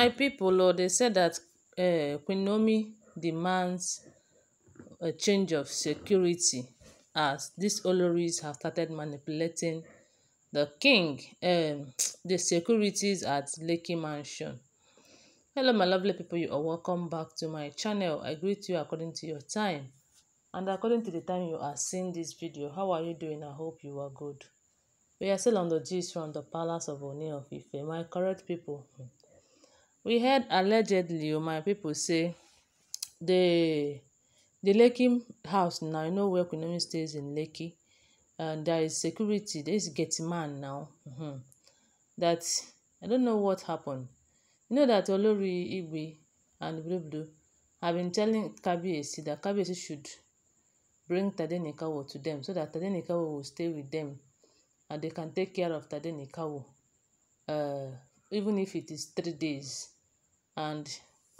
My people oh, they said that uh, Queen Naomi demands a change of security as these Oloris have started manipulating the king, um, the securities at Lakey Mansion. Hello, my lovely people. You are welcome back to my channel. I greet you according to your time and according to the time you are seeing this video. How are you doing? I hope you are good. We are still on the gist from the palace of Oni of Ife. My correct people. Hmm, we heard allegedly o oh, my people say the the lekki house now you know where Queen stays in lekki and there is security there is get man now mm -hmm. that i don't know what happened you know that olori igwe and blublu have been telling kabiyesi that kabiyesi should bring tadenikawo to them so that tadenikawo will stay with them and they can take care of tadenikawo uh, even if it is three days. And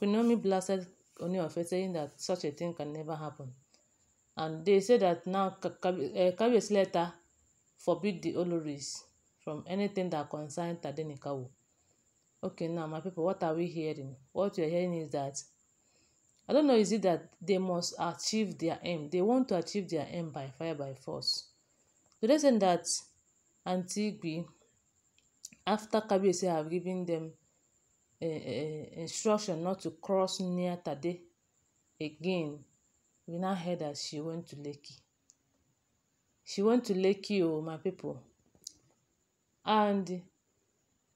Kunomi blasted Oniofe, saying that such a thing can never happen. And they say that now eh, Kabiyesi letter forbid the Oloris from anything that concerns Tadenikawo. Okay, now my people, what are we hearing? What you're hearing is that I don't know, is it that they must achieve their aim? They want to achieve their aim by fire, by force. So they said that Antigui after Kabiyesi have given them uh, uh, instruction not to cross near Tade again, we now heard that she went to Lekki. She went to Lekki, oh my people. And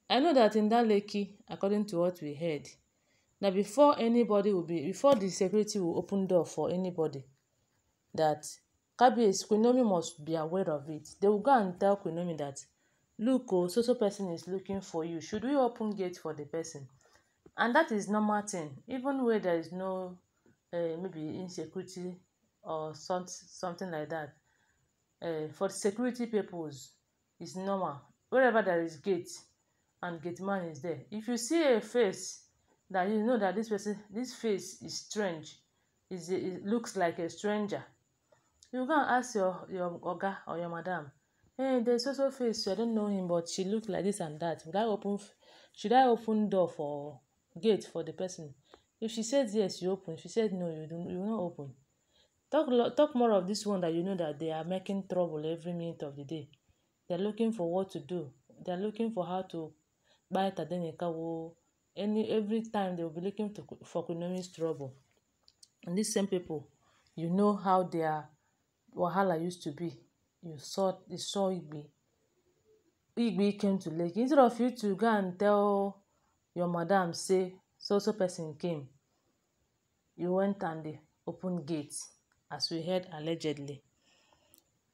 I know that in that Lekki, according to what we heard, that before anybody will be, before the security will open door for anybody, that Kabiyesi, Queen must be aware of it. They will go and tell Queen that look oh so so person is looking for you should we open gate for the person and that is normal thing even where there is no uh, maybe insecurity or some, something like that uh, for security purpose it's normal wherever there is gate and gate man is there if you see a face that you know that this person this face is strange is it looks like a stranger you go ask your your oga or your madam Hey, eh, there's also face. I don't know him, but she looked like this and that. Should I open? Should I open door for gate for the person? If she said yes, you open. If she said no, you do. You will not open. Talk talk more of this one that you know that they are making trouble every minute of the day. They're looking for what to do. They're looking for how to buy Tadenikawo. Any every time they will be looking to, for economic trouble. And these same people, you know how their wahala used to be you saw they saw Igbe. Igbe came to Lekki. Instead of you to go and tell your madam say so so person came, you went and they opened gate as we heard allegedly.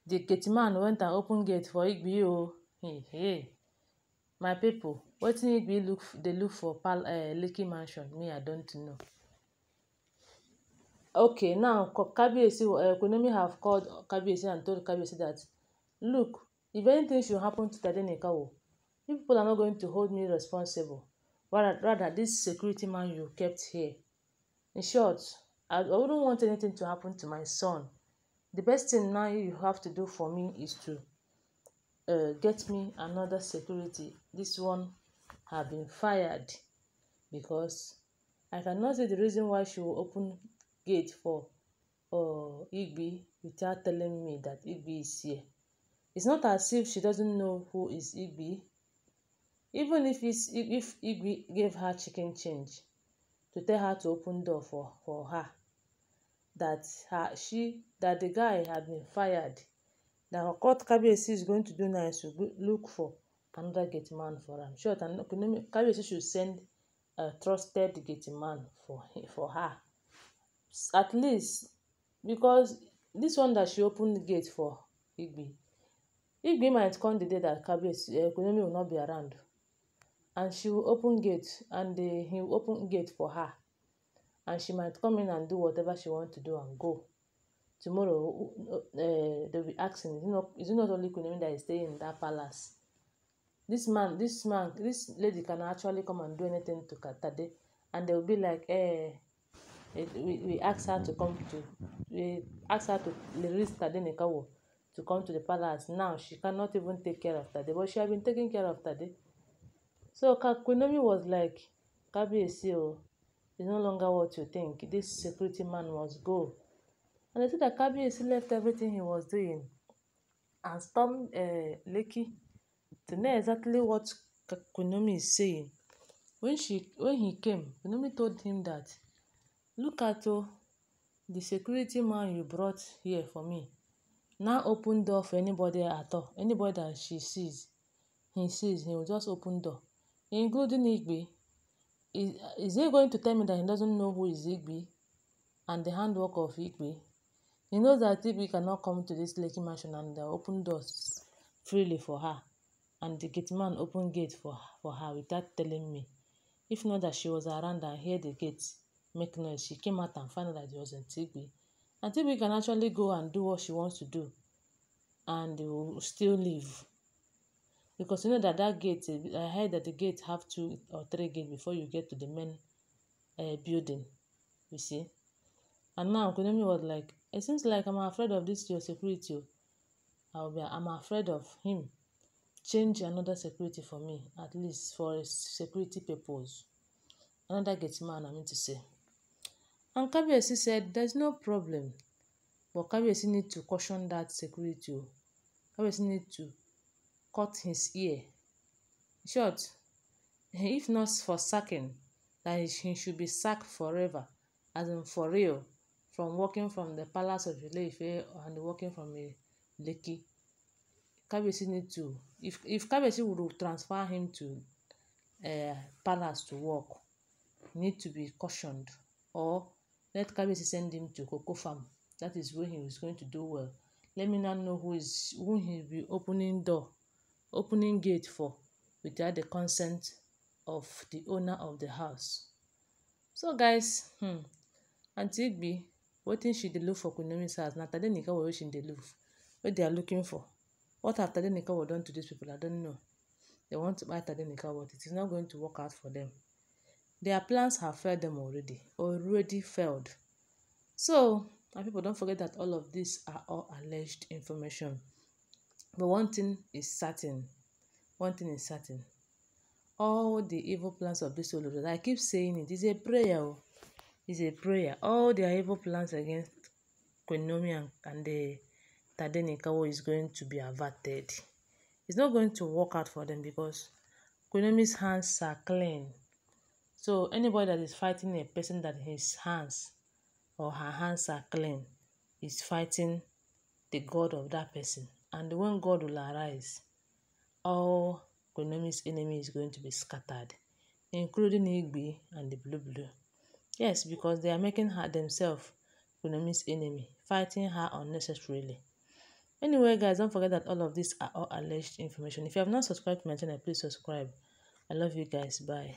The gate man went and opened gate for Igbe o. Oh, hey, hey. My people, wetin Igbe look they look for Pal uh, Lekki mansion? Me, I don't know. Okay, now Kabiyesi, uh, eh, Kunemi have called Kabiyesi and told Kabiyesi that, look, if anything should happen to Tadenikawo, you people are not going to hold me responsible. Rather, rather this security man you kept here. In short, I, I wouldn't want anything to happen to my son. The best thing now you have to do for me is to uh, get me another security. This one have been fired because I cannot see the reason why she will open gate for uh, Igby. without telling me that Igby is here. It's not as if she doesn't know who is Igby. Even if, it's, if Igby gave her chicken change to tell her to open door for, for her, that her, she that the guy had been fired, that court, Kabiyesi is going to do now is to look for another gate man for I'm Sure, Kabiyesi should send a trusted gate man for, for her at least because this one that she open gate for Igby, Igby might come the day that Kabiyesi economy eh, will not be around and she will open gate and they, he will open gate for her and she might come in and do whatever she want to do and go tomorrow uh, eh, they'll be asking is it not, is it not only Kunemi that is staying in that palace this man this man this lady can actually come and do anything to Tade and they will be like eh Eh, we, we asked her to come to, we ask her to release Tade Nikawo to come to the palace. Now she cannot even take care of Tade, but she had been taking care of Tade. So Kwenomi was like, Kabiyesi o, it's no longer what you think. This security man must go. And they said that Kabiyesi left everything he was doing and stormed uh, Lekki to know exactly what Kwenomi is saying. When she when he came, Kwenomi told him that Look at oh, the security man you brought here for me now open door for anybody at all, anybody that she sees, he sees, he will just open door, including Igwe. Is, is he going to tell me that he doesn't know who is Igwe and the handwork of Igwe? He knows that Igwe cannot come to this Lekki mansion and uh, open doors freely for her and the gate man open gate for, for her without telling me. If not that she was around and hear the gate, make noise. She came out and found out that it was Antigbe. Antigbe can actually go and do what she wants to do and they will still leave. Because you know that that gate, I heard that the gate have two or three gates before you get to the main uh, building, you see. And now Kunemi was like, it seems like I'm afraid of this your security. Oh. I'll be, I'm afraid of him. Change another security for me, at least for security purpose. Another gate man, I mean to say. And Kabiyesi said there's no problem. But Kabiyesi need to caution that security o. Kabiyesi need to cut his ear. In short, if not for sacking, then he should be sacked forever, as in for real, from working from the palace of ile and working from a Lekki. Kabiyesi need to, if if Kabiyesi would transfer him to uh, palace to work, need to be cautioned or Let Kabiyesi send him to Cocoa Farm. That is where he is going to do well. Let me now know who is who he be opening door, opening gate for without the consent of the owner of the house. So guys, hmm, Aunty Igbi, wetin she dey look for Queen Naomi's house na Tadenikawo wey she dey look wey they are looking for. What have Tadenikawo done to these people? I don't know. They want to buy Tadenikawo, it is not going to work out for them. Their plans have failed them already, already failed. So, people don't forget that all of these are all alleged information. But one thing is certain. One thing is certain. All the evil plans of this world, I keep saying it, is a prayer. Oh. It's a prayer. All their evil plans against Konomi and the Tadenikawa is going to be averted. It's not going to work out for them because Konomi's hands are clean. So anybody that is fighting a person that his hands or her hands are clean is fighting the God of that person. And when God will arise, all Konami's enemy is going to be scattered, including Igbi and the Blue Blue. Yes, because they are making her themselves Konami's enemy, fighting her unnecessarily. Anyway, guys, don't forget that all of these are all alleged information. If you have not subscribed to my channel, please subscribe. I love you guys. Bye.